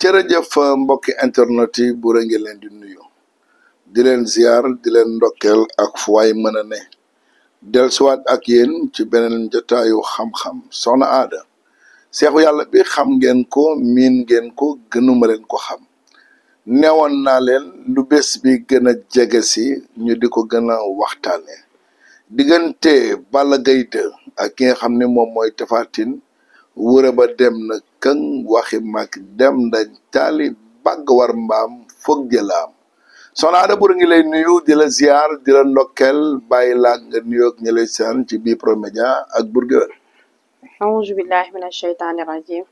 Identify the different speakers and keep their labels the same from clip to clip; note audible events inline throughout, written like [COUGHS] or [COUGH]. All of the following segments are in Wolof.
Speaker 1: jërëjëf euh, mbokki internet yi bu ngi leen di nuyu di leen ziar di leen ndokkeel ak fu waay mën a ne dellusiwaat ak yéen ci beneen jotaayu xam-xam soxna aada seexu yàlla bi xam ngeen ko miin ngeen ko gënuma leen ko xam neewoon naa leen lu bés bi gën a jege si ñu di ko gën a waxtaane diggante bala Gaye ak ki nga xam ni moom mooy Tapha wura ba dem na këŋ waxi mag dem dañ taali bàgg war mbaam foog jëlaam soxna Ada ngi lay nuyu di la ziar di la ndokkeel bàyyi laag nga nuyoog ñi lay seen ci biir promédia ak burgéwél
Speaker 2: aouzu billahi min asheytaani rajim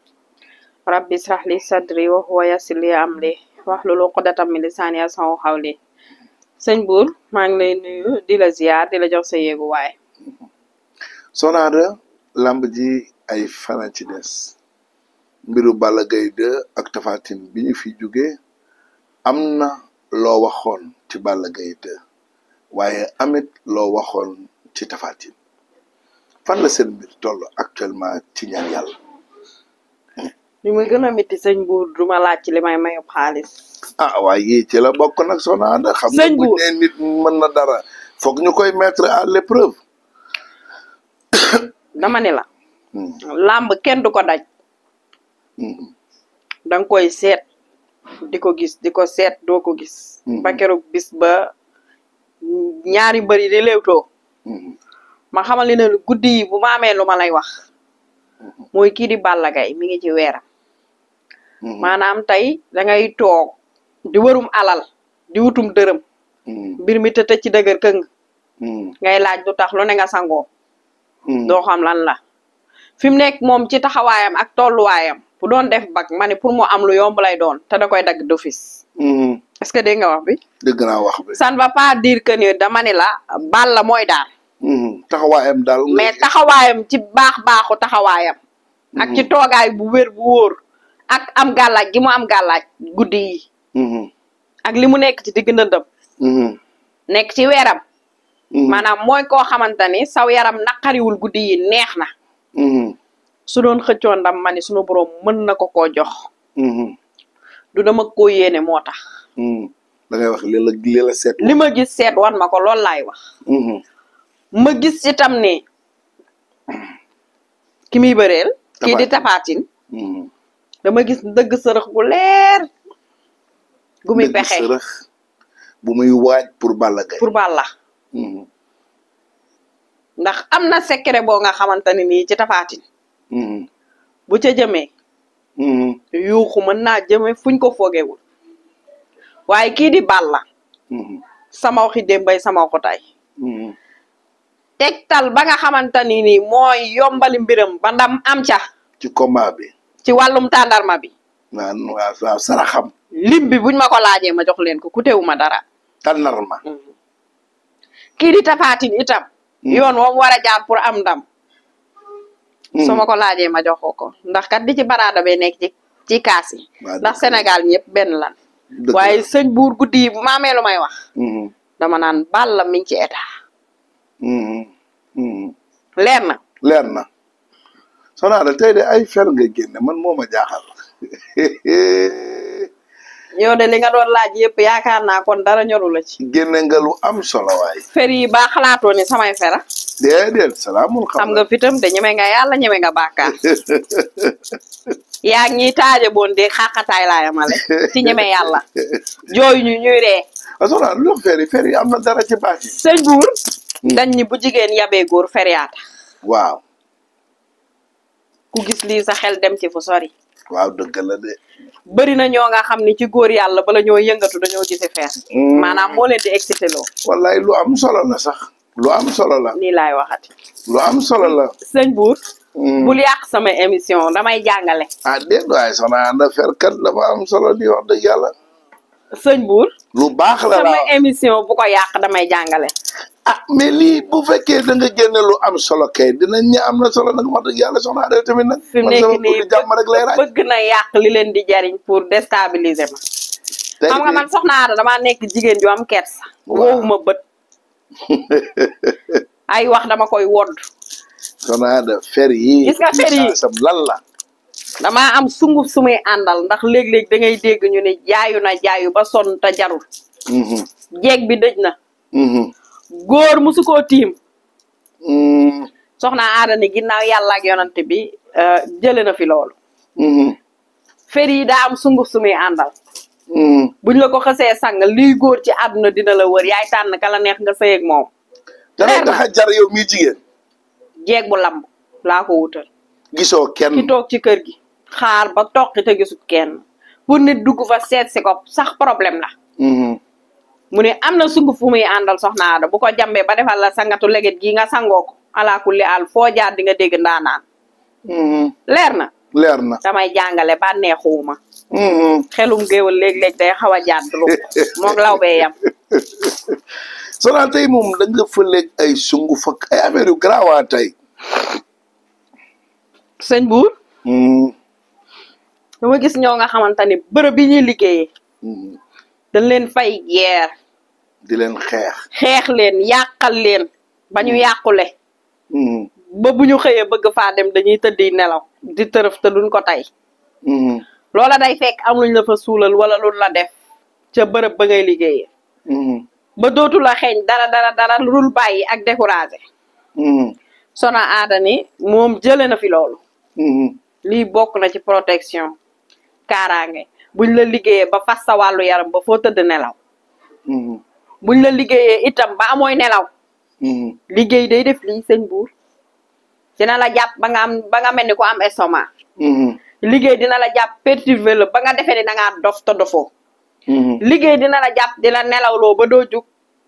Speaker 2: rabbi israh sadri wa huwa yassir li amri wahlul uqdatam min lisaani yafqahu qawli sëñ Buur maa ngi lay nuyu di la ziar di la jox sa yéeguwaay
Speaker 1: soxna Ada lamb ji ay fana ci des mbiru Balla Gaye 2 ak Tapha Tine bi ñu fi jugee am na loo waxoon ci Balla Gaye waaye amit loo waxoon ci Tapha fan la seen mbir toll actuellement ci ñaan yàlla
Speaker 2: li muy gën a buur du ma ci li may mayu xaalis
Speaker 1: ah waaye yii ci la bokk nag soxna Ada xam nga bu ne mën na dara foog ñu koy metre à l'épreuve
Speaker 2: dama la làmb kenn du ko daj danga koy seet di ko gis di ko seet doo ko gis mm-hmm. ba keroog bis ba ñaari mbër yi di léewtoo mm-hmm. ma xamal ne guddi bu ma lu ma lay wax mm-hmm. mooy kii di Balla mi ngi ci weeram maanaam tey dangay toog di wërum alal di wutum dërëm mbir mi te tëj ci dëgër laaj lu tax lu ne nga sangoo doo xam lan la fi mu nekk moom ci taxawaayam ak tolluwaayam bu doon def bac mani pour mu am lu yomb lay doon te da koy dagg d'office. Mm-hmm. est-ce que dégg nga wax bi. dégg naa wax bi. ça ne va pas dire que ni la mooy daal.
Speaker 1: Mm-hmm. taxawaayam daal. mais
Speaker 2: taxawaayam ci baax baaxu taxawaayam. ak ci mm-hmm. toogaay bu wér bu wóor. ak am gàllaaj gi mu am gàllaaj guddi yi. ak li mu nekk ci digg ndëndam. nekk ci weeram. maanaam mooy koo xamante ni saw yaram naqariwul guddi yi neex na. su doon xëccoo ndam ma ni sunu borom mën na ko koo jox. Mm-hmm. du dama ko yéene moo tax.
Speaker 1: Mm-hmm. da ngay wax li ma
Speaker 2: gis seet wan ma ko lool laay wax. Mm-hmm. ma gis itam ne ki muy bëreel. kii di tapaatin. dama
Speaker 1: gis dëgg sërëx gu leer. gu muy pexe bu muy waaj pour Balla Gaye pour
Speaker 2: ndax am na secret boo nga xamante ne nii ci tapaatin. Mm-hmm. bu ca jëmee mm-hmm. yuuxu ma naa jëme fuñ ko foogewul waaye kii di Balla mm-hmm. sama waxi démb bay sama waxu tay tegtal ba nga xamante ni nii mooy yombali mbiram ba ndam am ca ci combat bi ci wàllum tàndarma bi
Speaker 1: waaw waaw saraxam lim bi buñ ma
Speaker 2: ko laajee ma jox leen ko ku teewu ma dara tàndarma kii di Tapha Tine itam yoon woom war jaar pour am ndam Hmm. su ma ko laajee ma jox ko ko ndax kat di ci baraada bee nekk ci ci kaas yi. ndax Sénégal ñëpp benn lan. waaye sëñ buur guddi yi bu ma amee may wax. Hmm. dama naan la mi ngi ci état.
Speaker 1: Hmm. leer na. leer na soxna Ada tey de ay fer nga génne man moo ma jaaxal. [LAUGHS]
Speaker 2: yow li nga doon laaj yëpp yaakaar naa kon dara ñoru la
Speaker 1: ci. génne nga am solo waay.
Speaker 2: fer yi baa xalaatoo samay fera. Ah?
Speaker 1: déedéet salaamul xam nga
Speaker 2: fitam de ñeme nga yàlla ñeme nga bàkkaar yaa ngi ñuy taaje boon de xaqataay laa yamale ci ñeme yàlla jooyu ñu ñuy ree asona ah, lu am na dara hmm. dañ ni bu jigéen yabee góor feriyaata waaw ku gis lii sa xel dem ci fu sori
Speaker 1: waaw dëgg la de
Speaker 2: bëri na ñoo nga xam ni ci góor yàlla bala ñoo yëngatu dañoo gisi fees hmm. maanaam moo
Speaker 1: leen di excité loo wallaay lu am solo la sax lu am solo la. nii laay waxati. lu am solo la. sëñ Buur. Mm. bul
Speaker 2: yàq sama émission damay jàngale. ah déet waay
Speaker 1: soxna Anda Fer kat dafa am solo di wax dëgg yàlla. sëñ Buur. lu baax la sama
Speaker 2: émission bu ko yàq damay jàngale.
Speaker 1: ah mais lii bu fekkee da nga génne lu am solo kay dinañ ñi am na solo nag wax dëgg yàlla soxna Anda tamit nag. fi mu nekk bëgg na
Speaker 2: yàq li leen di jariñ pour déstabiliser ma. xam nga man soxna Anda damaa nekk jigéen ju am kersa.
Speaker 1: waaw bët. [LAUGHS] ay wax dama koy wodd xanaa da fer yi gis nga fer yi sam lan la
Speaker 2: damaa am sunguf sumay àndal ndax léeg-léeg da ngay dégg ñu ne jaayu na jaayu ba sonn te jarul mhm. jeeg bi dëj na mhm. góor musu koo tiim mhm. soxna aada ni ginnaaw yàlla ak yonante bi euh, jële na fi loolu fer yi daa am sunguf sumay àndal Hmm. buñ la ko xasee sàng liy góor ci àdduna dina la wër yaay tànn kala neex nga sëy ak moom.
Speaker 1: dana tax a jar yow mii jigéen.
Speaker 2: jeeg bu lamb laa ko wutal. gisoo ken ki toog ci kër gi. xaar ba toqi te gisut kenn pour nit dugg fa seet si ko sax problème la. Hmm. mu ne am na sunguf fu muy àndal soxna Ada bu ko jàmbee ba defal la sangatu leget gi nga sangoo ko alaakulli àll foo jaar di nga dégg ndaanaan. Hmm. leer na. leer na damay jàngale bànneexuwuma. Mm-hmm. xelum géwél léeg-léeg day xaw a jàdd lu [LAUGHS] moom law bee yam
Speaker 1: [LAUGHS] Soxna tey moom dañ la fëleeg ay sungu fakk ay affaire ah tey
Speaker 2: sëñ buur mm-hmm. dama gis ñoo nga xamante ni bërëb yi ñuy liggéeyee mm-hmm. dañ leen fay guerre
Speaker 1: di leen xeex
Speaker 2: xeex leen yàqal leen ba ñu yàqule ba bu ñu xëyee bëgg faa dem dañuy tëddi nelaw di tërëf te ko tey loola day fekk am luñ la suulal wala luñ la def ca bërëb ba ngay liggéeyee. Mm-hmm. ba dootu la xeeñ dara dara dara lu bàyyi ak découragé. Mm-hmm. sona aada ni moom jële na fi loolu. Mm-hmm. lii bokk na ci protection kaaraange buñ la liggéeyee ba fas sa wàllu yaram ba foo tëdd nelaw. buñ la liggéeyee itam ba amooy nelaw. liggéey day def lii sëñ buur dina la jàpp ba nga am ba nga mel ni ku am estomac. liggéey dina la jàpp perturber ba nga defee ne da ngaa dof te dofoo. Mm-hmm. liggéey dina la jàpp dina la nelawloo ba doo jug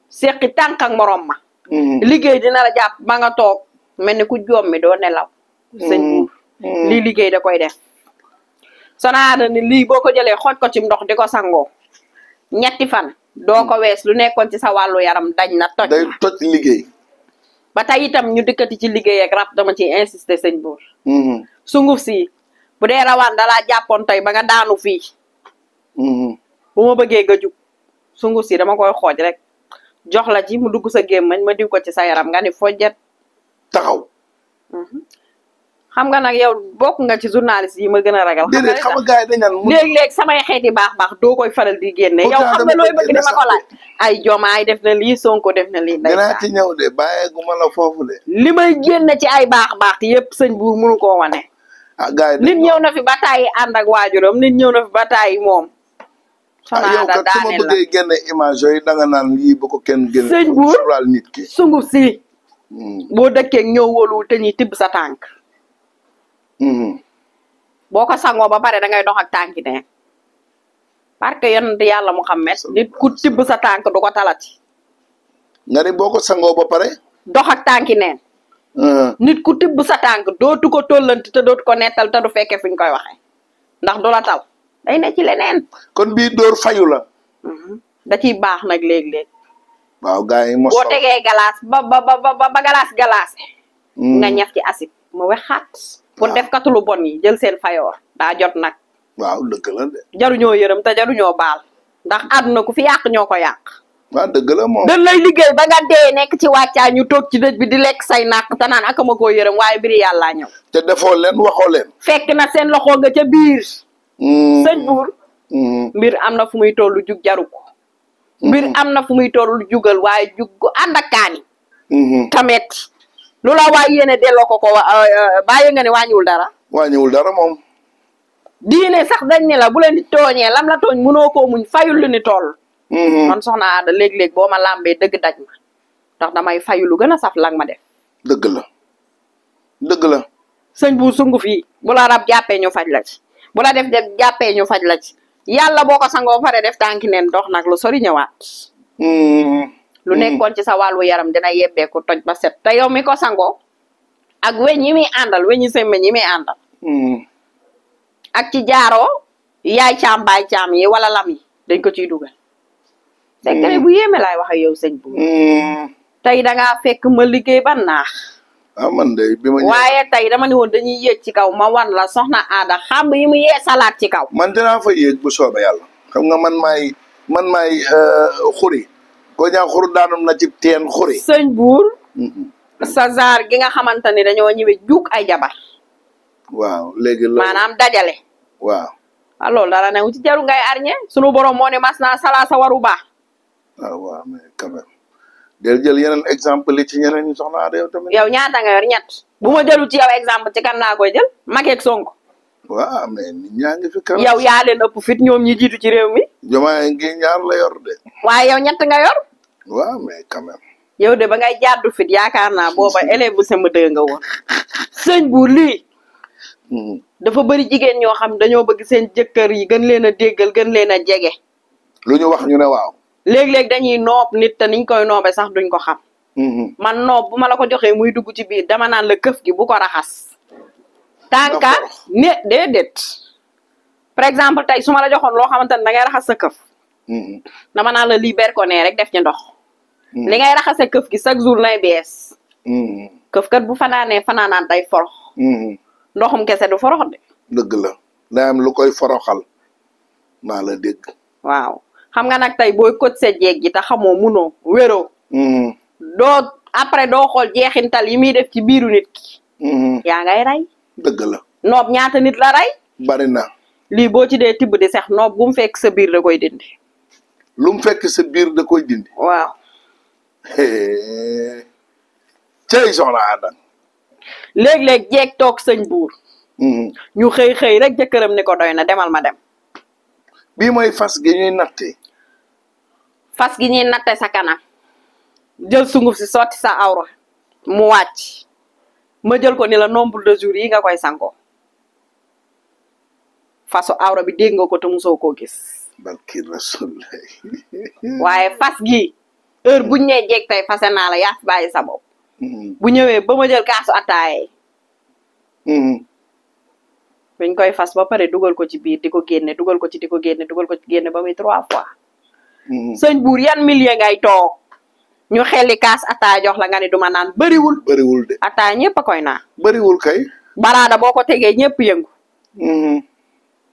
Speaker 2: seqi tànk ak morom ma. Mm-hmm. liggéey dina la jàpp ba nga toog mel ni ku joom mi doo nelaw. Mm-hmm. sëñ buur lii liggéey da koy def. sonaada ni lii boo ko jëlee xooj ko ci ndox di ko sangoo ñetti fan. doo ko wees lu nekkoon ci sa wàllu yaram dañ na toj. liggéey. ba tey itam ñu dikkati ci liggéey ak rab dama ciy insister sëñ buur. sunguf si bu dee rawaan dalaa jàppoon tey ba nga daanu fii mm-hmm. bu bëggee ka jug sungu si dama koy xooj rek jox la ci mu dugg sa gémmañ ma diw ko ci sa yaram nga ni fojjet taxaw mm-hmm. xam nga nag yow bokk nga ci journaliste yi ma gën a ragal. xam nga xam nga gars léeg-léeg samay xeeti baax baax doo koy faral di génne. yow xam looy bëgg dama ko laaj. ay jomaay def na li Sonko def na lii. ndeysaan dinaa
Speaker 1: ci
Speaker 2: li may génne ci ay baax baax yëpp sëñ buur mënu koo wane. ah gars nit ñëw na fi ba bataay ànd ak waajuram nit ñëw na fi bataay moom.
Speaker 1: Ah, yow kat su ma bëggee génne ko kenn génne. nit ki sunguf si. Hmm. boo dëkkee ñëw wóoluwul te
Speaker 2: ñuy tibb sa tànk. Hmm. boo ko sangoo ba pare dangay dox ak tànk yi ne. parce que yonent yàlla Muhammad nit ku tibb sa tànk du ko talati. nga boo ko sangoo ba pare. dox ak tànk nit ku tibb sa tànk dootu ko tollanti te dootu ko nettal te du fekkee fi ñu koy waxee ndax du la tal day ne ci leneen.
Speaker 1: kon bii dóor fayu la.
Speaker 2: Mhm. da ciy baax
Speaker 1: nag léeg-léeg. waaw gars
Speaker 2: yi galaas ba ba ba ba galaas galaas. Mm. nga ñaf ci asib mu wexaat. pour def katulu bon yi jël seen fayoor daa jot nag.
Speaker 1: waaw dëgg la de.
Speaker 2: jaruñoo yërëm te jaruñoo baal ndax na ku fi yàq ñoo ko yàq. waaw dëgg la moom dañ lay liggéey ba nga dee nekk ci wàccaa ñu toog ci dëj bi di lekk say nàq te naan ak koo
Speaker 1: yërëm waaye mbiri yàllaa ñëw te defoo leen waxoo leen
Speaker 2: fekk na seen loxo nga ca biir mm. sëñ buur mm. mbir am na fu muy tollu jug jaru ko mm. mbir am na fu muy tollu jugal waaye jug gu ànd ak kaani mm-hmm. tamit lu la waay yéene delloo ko ko euh, euh, bàyyi nga ne wàññiwul dara
Speaker 1: wàññiwul dara moom
Speaker 2: diine sax dañ ne la bu leen di tooñee lam la tooñ mënoo koo muñ fayul lu Mm-hmm. man soxna Ada léeg-léeg boo ma làmbee dëgg daj ma ndax damay fayu lu gën a saf lang ma def.
Speaker 1: dëgg la dëgg la. sëñ bu sunguf yi
Speaker 2: bu la rab jàppee ñu faj la ci bu la def def jàppee ñu faj la ci yàlla boo ko sangoo pare def tànki neen dox nag lu sori ñëwaat.
Speaker 1: Mm-hmm. lu mm-hmm. nekkoon
Speaker 2: ci sa wàllu yaram dina yebbeeku toj ba set te yow mi ko sangoo ak weñ yi muy àndal weñ yi semmeñ yi muy àndal. ak ci jaaroo yaay caam baay caam yi wala lam yi dañ ko ciy dugal.
Speaker 1: secret mm. bu yéeme laay
Speaker 2: wax ak yow sëñ bu mm. tey dangaa fekk ma liggéey ba naax ah, man de
Speaker 1: bi waaye
Speaker 2: tey dama ne woon dañuy yéeg ci kaw ma wan la soxna aada xam yi mu yee salaat ci kaw
Speaker 1: man dinaa fa yéeg bu soobe yàlla xam nga man may man maay euh, xuri ko ñaa xur daanum na ci teen xuri
Speaker 2: sëñ buur sa zaar gi nga xamante ni dañoo ñëwee juug ay jabar
Speaker 1: waaw léegi loolu maanaam dajale waaw
Speaker 2: ah loolu dara newu ci jaru ngay arñe sunu borom moo mas naa salaa sa waru baax
Speaker 1: waaw waaw mais jël yeneen exemple ci ñeneen ñi yow ñaata
Speaker 2: nga yor ñett bu ma jëlu ci yow exemple ci kan koy jël Macky ak Sonko.
Speaker 1: waaw mais nit ñaa fi kan. yow yaa leen ëpp fit ñoom ñi jiitu ci réew mi. Diomaye ngi ñaar la yor de.
Speaker 2: waaye yow ñett nga yor.
Speaker 1: waaw mais quand
Speaker 2: de ba ngay jàddu fit yaakaar naa booba élève bu sem dëgg nga woon sëñ bu lii hmm. dafa bëri jigéen ñoo xam dañoo bëgg seen jëkkër yi gën leen a déggal gën leen a jege lu ñu wax ñu ne waaw léeg-léeg dañuy noob nit te niñ koy noobe sax duñ ko xam. Mm-hmm. man noob bu ma la ko joxee muy dugg ci biir dama naan la këf ki bu ko raxas. tànka ne déedéet. par exemple tey su ma la joxoon loo xamante ne da ngay raxas sa këf. Mm-hmm. dama naan la libère ko nee rek def ci ndox. Mm-hmm. li ngay raxase këf gi chaque jour nay bees. këf kat bu fanaanee fanaanaan day forox. ndoxum kese du forox de.
Speaker 1: dëgg la day lu koy foroxal maa la dégg.
Speaker 2: waaw. xam nga nag tey booy coach sa jeeg ji te xamoo munoo wéroo mm-hmm. doo après doo xool jeexintal yi muy def ci biiru nit ki mm-hmm. yaa rey dëgg la noob ñaata nit la rey bari na lii boo ci dee tibb di sax noob bu mu fekk sa biir da koy dindi
Speaker 1: lu mu fekk sa biir da koy dindi waaw cey soxna Ada
Speaker 2: léeg-léeg jeeg toog sëñ buur mm-hmm. ñu xëy xëy rek jëkkëram ni ko doy na demal ma dem
Speaker 1: bii mooy fas gi ñuy nattee
Speaker 2: fas gi ñuy natte sa kanam jël sunguf si sotti sa awra mu wàcc ma jël ko ni la nombre de jours yi nga koy sango fasu awra bi dégg nga ko te musoo koo gis barki rasul [LAUGHS] gi heure buñ nee jeeg tey fase naa la yaa bàyyi sa bopp mm-hmm. bu ñëwee ba ma jël kaasu attaaye mm-hmm. koy fas ba pare dugal ko ci biir di ko génne dugal ko ci di ko génne dugal ko ci génne ba muy trois fois Mm-hmm. sëñ buur yan millier ngay toog ñu xelli kaas attaaya jox la nga ne du ma naan bëriwul. bëriwul de attaaya ñëpp a koy naan.
Speaker 1: bëriwul kay.
Speaker 2: baraada boo ko tegee ñëpp yëngu. Mm-hmm.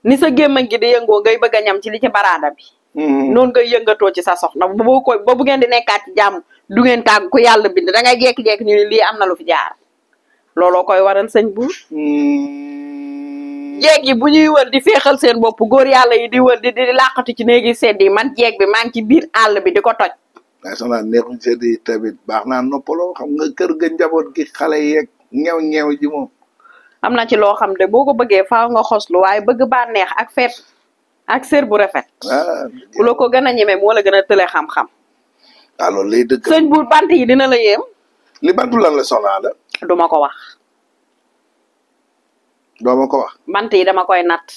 Speaker 2: ni sa gémmañ gi di yëngoo ngay bëgg a ñam ci li ci baraada bi. Mm-hmm. noonu ngay yëngatoo ci sa soxna boo koy bu ngeen di nekkaat ci jàmm du ngeen tàgg ku yàlla bi da ngay jékki-jékki ñu ne lii am na lu fi jaar looloo koy waral sëñ buur. jeeg yi bu ñuy wër di féexal seen bopp góor yàlla yi di wër di di làqatu ci néegi sedd yi man jeeg bi maa ci biir àll bi di ko toj.
Speaker 1: waaye soxna neexuñ sedd yi tamit baax naa noppaloo xam nga kër ga njaboot gi xale yeeg ñew ñew ji moom.
Speaker 2: am na ci loo xam de boo ko bëggee faaw nga xoslu waaye bëgg bànneex ak feet ak sër bu rafet. Ah, bu la ko gën a ñeme moo la gën a tële xam-xam.
Speaker 1: alors bu bant yi dina la yéem. li bantu la soxna la. du ma ko wax. doo ko wax.
Speaker 2: yi dama koy natt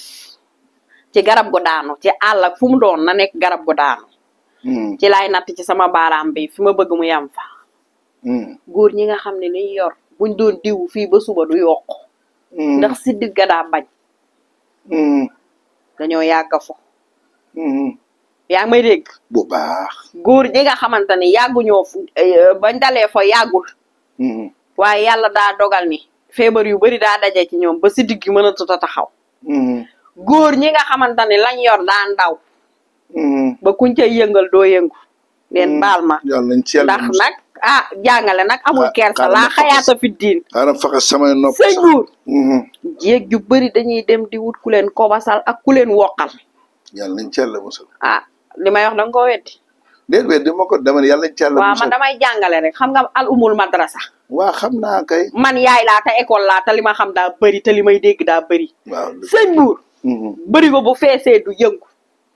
Speaker 2: ci garab gu daanu ci àll ak fu mu doon na nekk garab gu daanu. Hmm. ci lay natt ci sama baaraam bi fi ma bëgg mu yam fa. Hmm. góor ñi nga xam ne liñ yor buñ doon diw fii ba suba du yokk. Hmm. ndax siddi ga daa bañ. dañoo yàgg fo. yaa ngi
Speaker 1: may dégg. bu baax.
Speaker 2: góor ñi nga xamante ne yàgguñoo eh, bañ dalee fa yàggul. waaye yàlla daa dogal ni. feebar yu bëri daa daje ci ñoom ba si digg mënatut a taxaw. Mm-hmm. góor ñi nga xamante lañ yor daa ndaw. Mm-hmm. ba kuñ cay yëngal doo yëngu. leen mm-hmm. baal ma
Speaker 1: ndax nag
Speaker 2: ah jàngale nag amul ah, kersa laa xayaata
Speaker 1: fi diin. xaaral faxe samay nopp sax
Speaker 2: jéeg yu bëri dañuy dem di wut ku leen kobasal ak ku leen woqal.
Speaker 1: yàlla nañ ci yàlla musal. ah li may wax da nga weddi. déedéet di ma ko dama ne yàlla nañ ci yàlla musal. waaw man damay
Speaker 2: jàngale rek xam nga al umul madrasa. waa xam naa kay. man yaay laa te école laa te li ma xam daa bëri te li may dégg daa bëri. waaw sëñ Buur. Mm-hmm. bëri ko bu feesee du yëngu.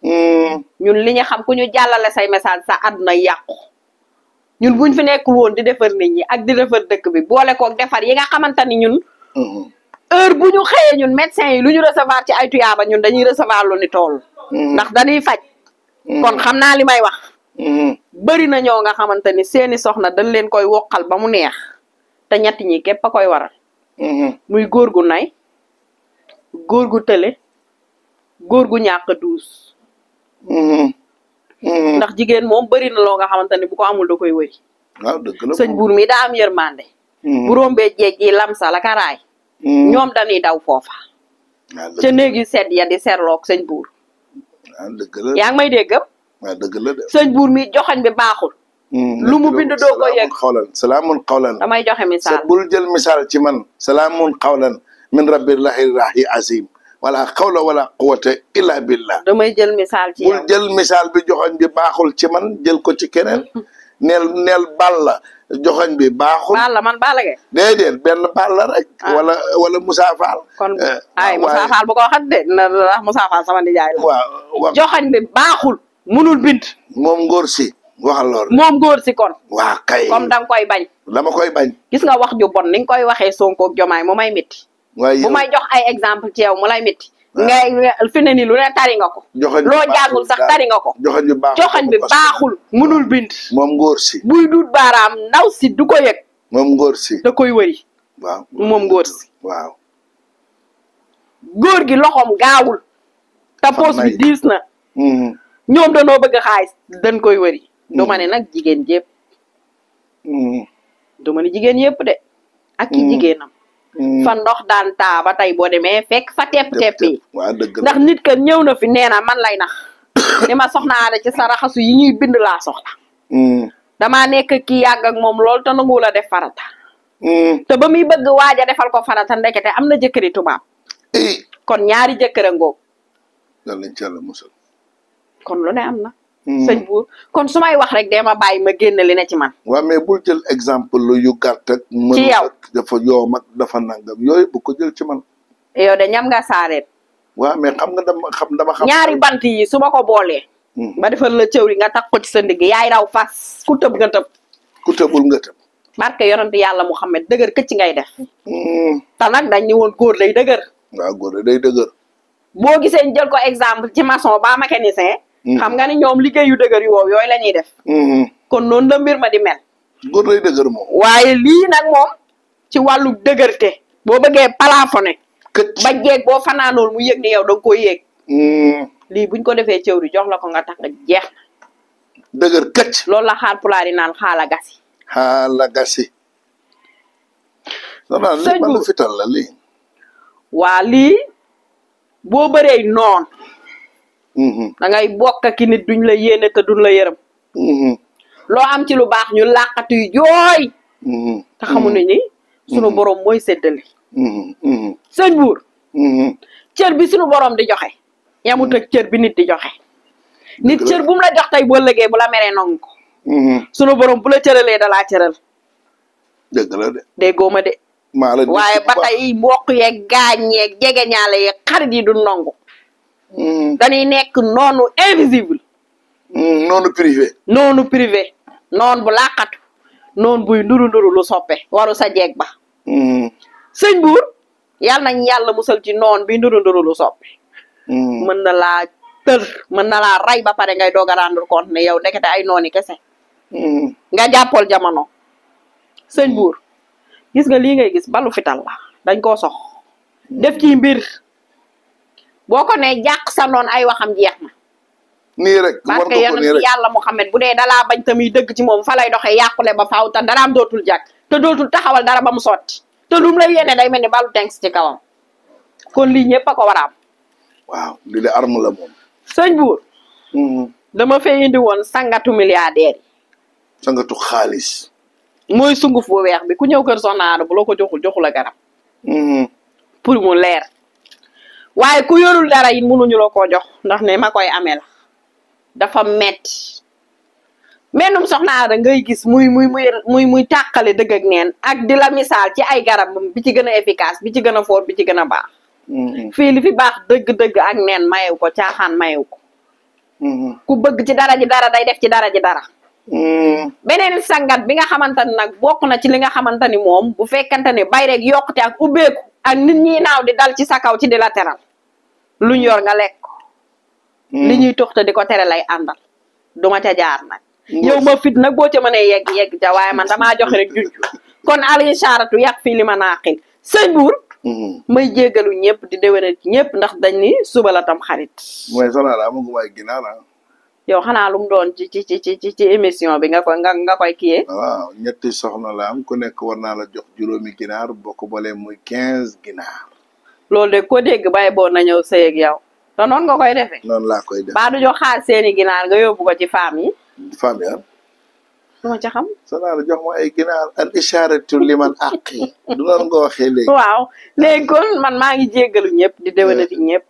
Speaker 2: Mm. ñun li ñu xam ku ñu jàllale say message sa àdduna yàqu. ñun buñ fi nekk woon di defar nit ñi ak di defar dëkk bi boole kook defar yi nga xamante ni ñun. Mm-hmm. heure bu ñu xëyee ñun médecins yi lu ñu recevoir ci ay tuyaaba ñun dañuy recevoir lu ni tool. Mm-hmm. ndax dañuy faj.
Speaker 1: kon xam naa li may wax.
Speaker 2: bëri na ñoo nga xamante ni seeni soxna dañ leen koy wokkal ba mu neex. te ñett ñi koy waral. Mm-hmm. muy góor gu nay góor gu tële góor gu ñàkk duus. Mm-hmm. Mm-hmm. ndax jigéen moom bëri na loo nga xamante ne bu ko amul da koy wëy. waaw dëgg la sëñ buur mi daa am yërmande. bu rombee jeej yi lamsa la karaay. ñoom dañuy daw foofa. ca néeg yu ya di serloog sëñ buur.
Speaker 1: yaa ngi may déggam. waaw
Speaker 2: buur mi joxañ bi baaxul.
Speaker 1: Mm-hmm. lu mu bind doo ko yegg xawlan salaamun xawlan damay joxe misaal jël misaal ci man salaamun xawlan min rabbillahi rahi azim wala xawla wala quwata illa billah
Speaker 2: damay jël misaal ci bul jël
Speaker 1: misaal bi joxoñ bi baaxul ci man jël ko ci keneen [LAUGHS] neel neel balla bi baaxul.
Speaker 2: balla man balla ge.
Speaker 1: déedéet ah. wala wala Moussa Fall. kon eh,
Speaker 2: ay Moussa Fall bu ko waxat de la. joxoñ bi
Speaker 1: baaxul. munul bind. moom ngóor si. waxal loolu moom
Speaker 2: góor si kon. waaw kay comme da nga koy bañ. dama koy bañ. gis nga wax ju bon ni koy waxee Sonko ak Jomaay mu may métti.
Speaker 1: waaye may jox
Speaker 2: ay exemple ci yow mu lay métti. ngay fi ne nii lu ne tari nga ko. loo jàngul sax tari nga ko. joxoñ bi baaxul joxoñ bi baaxul
Speaker 1: munul bind. moom ngóor si. buy duut baaraam ndaw si du ko yëg. moom ngóor si. da koy wëri. waaw moom ngóor si. gi loxoom gaawul. te
Speaker 2: poos bi diis na. Mm-hmm. ñoom danoo bëgg xaalis dañ koy wëri. duma ne nag jigéen jépp mm. duma ne jigéen yépp de ak ki mm. jigéenam mm. fa ndox daan taa ba tey boo demee fekk fa tepp tepp yi ndax nit ka ñëw na fi nee na man lay nax [COUGHS] ni ma soxnaa da ci sa raxasu yi ñuy bind laa soxla dama nekk ki yàgg ak moom loolu te nanguwul a def farata te ba muy bëgg waaja defal ko farata ndekete am na jëkkëri tubaab eh. kon ñaari jëkkër a ngoog kon lu ne am na Hmm. sëñ buur kon su may wax rek dee ma bàyyi ma génn li ne ci man.
Speaker 1: waaw mais bul jël exemple yu gàtt ak. ci yow dafa yoom ak dafa nangam yooyu bu ko jël ci man.
Speaker 2: yow de ñam nga saareet.
Speaker 1: waaw mais xam nga dama xam dama
Speaker 2: xam. ñaari bant yi su ma ko boolee. ba hmm. defal la cëw li nga ta ko ci sa ndigg yaay raw fas ku tëb nga tëb. ku tëbul nga tëb. barke yonent yàlla Muhammad dëgër këcc ngay
Speaker 1: de hmm.
Speaker 2: ta nag dañ ni woon góor lay dëgër.
Speaker 1: waaw góor day dëgër.
Speaker 2: boo gisee ñu jël ko exemple ci maçon ba mécanicien. Mm. xam nga ni ñoom liggéey yu dëgër yu woow yooyu la ñuy def. Mm-hmm. kon noonu la mbir ma di mel. waaye lii nag moom ci wàllu dëgërte boo bëggee plafonné. ba jeeg boo fanaanool mu yëg ni yow da ko koy yëg. Mm. lii buñ ko defee cëwri jox la ko nga tax nga jeex. dëgër këcc. loolu la xaar pulaar naan xaala gasi.
Speaker 1: xaala gasi. sëñ fital la lii. waa lii boo bëree noon. Mm-hmm.
Speaker 2: da ngay bokk ak nit duñ la yéene te duñ la yërëm mm-hmm. loo am ci lu baax ñu làqatu yu jooy mm-hmm. te xamu ne ni sunu borom mooy séddale sëñ buur cër bi sunu borom di joxe yamut ak cër bi nit di joxe nit cër bu mu la jox tey boo lëgee bu la meree nong sunu borom bu la cëralee da laa cëral
Speaker 1: dëgg de ma waaye
Speaker 2: ba tey mbokk yeeg gaañ yeeg jege ñaale yeeg xarit yi du nongu Hmm. dañuy nekk noonu invisible.
Speaker 1: Hmm, noonu privé. noonu privé
Speaker 2: noonu bu laqatu noonu buy nduru nduru lu soppe waru sa jeeg ba. Hmm. sëñ buur yal nañ yàlla musal ci noon bi nduru nduru lu soppe. mën na laa tër mën na laa rey ba pare ngay doog a rendre compte ne yow ndekete ay nooni kese. nga jàppool jamono. sëñ buur gis nga lii ngay gis balu fital la dañ koo sox def ci mbir. boo ko nee jàq sa noon ay waxam jeex na.
Speaker 1: nii rek war nga ko nii rek parce que yàlla
Speaker 2: Muhammad bu dee dalaa bañ tamit dëgg ci moom fa lay doxee yàqule ba faaw te daraam dootul jàkk te dootul taxawal dara ba mu sotti te lu mu la yéene day mel ni balu tenks ci kawam kon lii ñëpp a ko war
Speaker 1: waaw li de arme la
Speaker 2: Buur. Mm-hmm. dama fee indi woon sangatu milliardaire yi. sangatu xaalis. mooy sunguf bu weex bi ku ñëw kër soxnaana bu la ko joxul joxul a garab. Mm-hmm. pour leer. waaye ku yorul dara it mënuñu la koo jox ndax ne ma koy amee la dafa metti mennum soxnaa da ngay gis muy muy muy muy muy tàqale dëgg ak neen ak di la misaal ci ay garab bi ci gën a efficace bi ci gën a foor bi ci gën a baax mm-hmm. fii li fi baax dëgg-dëgg ak neen mayewu ko caaxaan mayewu ko mm-hmm. ku bëgg ci dara ji dara day def ci dara ji dara
Speaker 1: mm-hmm.
Speaker 2: beneen sangat bi nga xamante ne nag bokk na ci li nga xamante ni moom bu fekkante ne bay rek yokkute ak ubbeeku ak nit ñi naaw di dal ci sa kaw ci di teral luñ yor nga lekk ko. Hmm. li ñuy tox te di ko tere lay àndal du ma ca jaar nag. yow ma fit nag boo ca mënee yegg yegg ja waaye man damaa joxe rek junj kon Aliou Saratu yàq fii li ma naaqil sëñ buur. Hmm. may jéggalu ñëpp di déwénal ci ñëpp ndax dañ ni suba la mooy
Speaker 1: soxna la amagu ah.
Speaker 2: yow xanaa lum mu doon ci ci ci ci ci émission bi nga koy nga nga koy kiyee.
Speaker 1: waaw ñetti soxna la am ku nekk war naa la jox juróomi ginaar boo ko boolee muy quinze ginaar.
Speaker 2: loolu de ko dégg bàyyi bo na ñëw sëy ak yow te noonu nga koy defee.
Speaker 1: noonu laa koy defee baa
Speaker 2: du jox xaar seeni ginaar nga yóbbu ko ci femme yi.
Speaker 1: femme yi ah. lu ca xam. sanaa la jox ma ay ginaar al isharatu liman aqi du noonu nga waxee léegi. waaw ah.
Speaker 2: léegi kon man maa ngi jéggalu ñëpp di déwénati eh. ñëpp.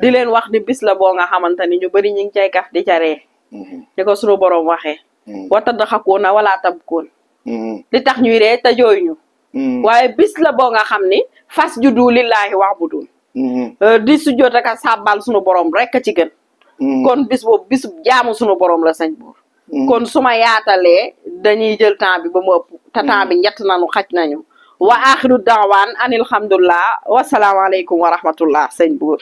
Speaker 2: di leen wax ni bis la boo nga xamante ni ñu bari ñu ngi cay kaf di caree. di mm-hmm. ko sunu boroom waxee. Mm-hmm. wa tadxakuuna wala tabkuun. Mm-hmm. li tax ñuy ree te jooy ñu. Mm-hmm. waaye bis la boo nga xam ni fas juddu lillaahi wax bu dul mm-hmm. euh, di su jot ak a sàbbal sunu borom rek a ci gën mm-hmm. kon bis boobu bisub jaamu sunu borom la sañ buur kon su ma yaatalee dañuy jël temps bi ba mu ëpp te temps bi ñett nañu xaj nañu wa axiru daawaan anil
Speaker 1: hamdulillah wasalaamaaleykum wa rahmatullah sëñ buur